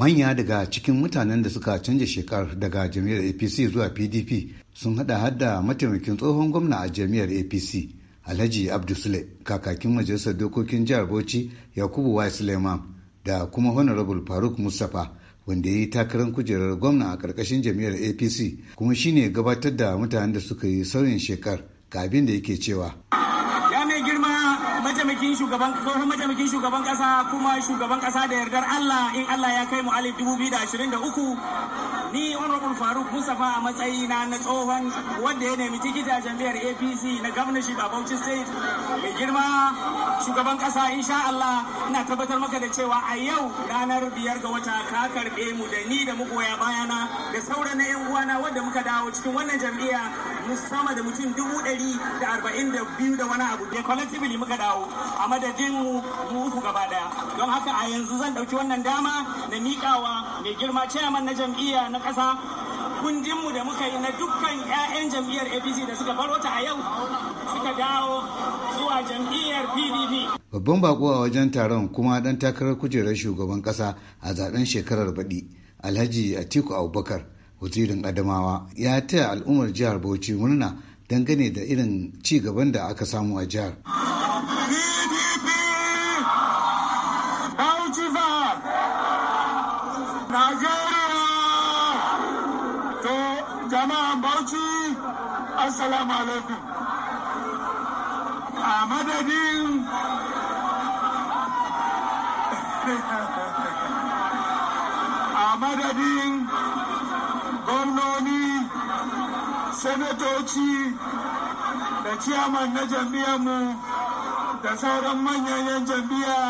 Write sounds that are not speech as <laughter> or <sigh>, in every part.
manya daga cikin mutanen da suka canja shekar daga jami'ar apc zuwa pdp sun hada hadda mataimakin tsohon gwamna a jami'ar apc alhaji abdulsule kakakin majalisar dokokin jihar bauchi yakubu wai suleiman da kuma honorable faruk mustapha wanda ya yi takarar kujerar gwamna a karkashin jami'ar apc kuma shine gabatar da mutanen da suka yi sauyin shekar ga abin da yake cewa mataimakin shugaban tsohon mataimakin shugaban kasa kuma shugaban kasa da yardar Allah in Allah ya kai mu alif 2023 ni honorable faruk musafa a matsayi na tsohon wanda ya nemi tikita jam'iyyar apc na governorship a bauchi state mai girma shugaban kasa insha allah ina tabbatar maka da cewa a yau ranar biyar ga wata ka karɓe mu da ni da magoya bayana da sauran na yan uwana wanda muka dawo cikin wannan jam'iyya mu sama da mutum dubu ɗari da arba'in da biyu da wani abu da collectively muka dawo a madadin mu mu uku gaba daya don haka a yanzu zan ɗauki wannan dama na miƙawa mai girma chairman na jam'iyya na ƙasa kundinmu da muka yi na dukkan 'ya'yan jam'iyyar apc da suka baro ta a yau suka dawo zuwa jam'iyyar pdp babban bako a wajen taron kuma dan takarar kujerar shugaban ƙasa a zaben shekarar baɗi alhaji atiku abubakar wazirin adamawa ya taya al'ummar jihar bauchi murna dangane da irin ci gaban da aka samu a jihar Jama'an Bauchi, Assalamu alaikum. A madadin <laughs> a madadin gwamnoni, sanatoci da ciyaman na mu da sauran manyan 'yan jam'iyya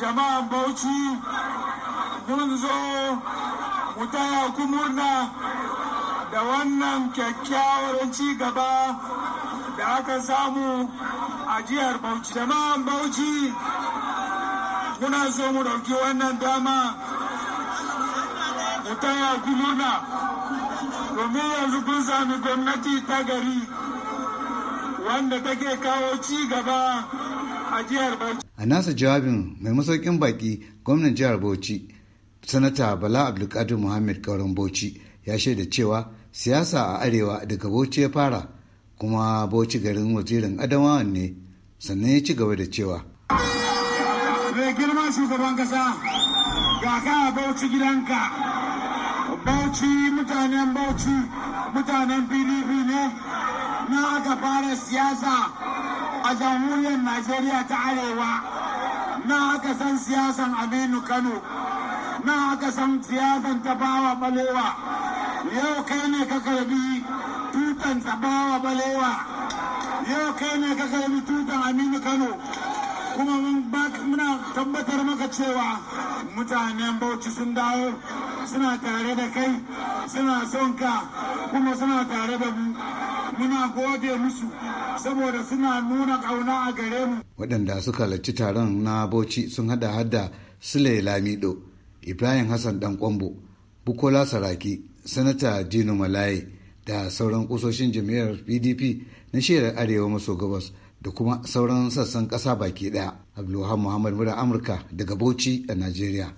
jama'an Bauchi mun zo mu taya ku murna da wannan kyakkyawar ci gaba da aka samu a jihar Bauchi. Jama'an Bauchi muna so mu ɗauki wannan dama mu taya murna domin yanzu kun sami gwamnati ta gari wanda take kawo ci gaba a jihar Bauchi. A nasa jawabin mai masaukin baki gwamnan jihar Bauchi, Sanata Bala Abdulkadir Muhammad Kauran Bauchi ya shaida cewa siyasa a arewa daga bauchi ya fara kuma bauchi garin wazirin adamawan ne sannan ya ci gaba da cewa mai girma shugaban kasa ga ka bauchi gidanka bauchi mutanen bauchi mutanen pdp ne na aka fara siyasa a jamhuriyar najeriya ta arewa na aka san siyasan aminu kano na aka san siyasan tafawa balewa yau kai ne ka karbi tutan tsabawa balewa yau kai ne ka karbi tutan aminu kano kuma muna tabbatar maka cewa mutanen bauchi sun dawo suna tare da kai suna son ka kuma suna tare da mu muna gode musu saboda suna nuna ƙauna a gare mu waɗanda suka halarci taron na bauchi sun hada hada sule lamido ibrahim hassan dan kwambo bukola saraki sanata dino malaye da sauran kusoshin jam'iyyar pdp na shirar arewa maso gabas da kuma sauran sassan ƙasa baki ɗaya Abdullahi muhammad mura amurka daga bauchi a najeriya